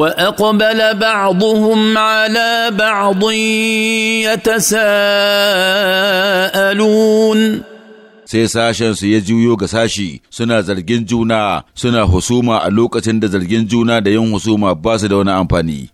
واقبل بعضهم على بعض يتساءلون sai sashensu ya juyo ga sashi suna zargin juna suna husuma a lokacin da zargin juna da yin husuma ba su da wani amfani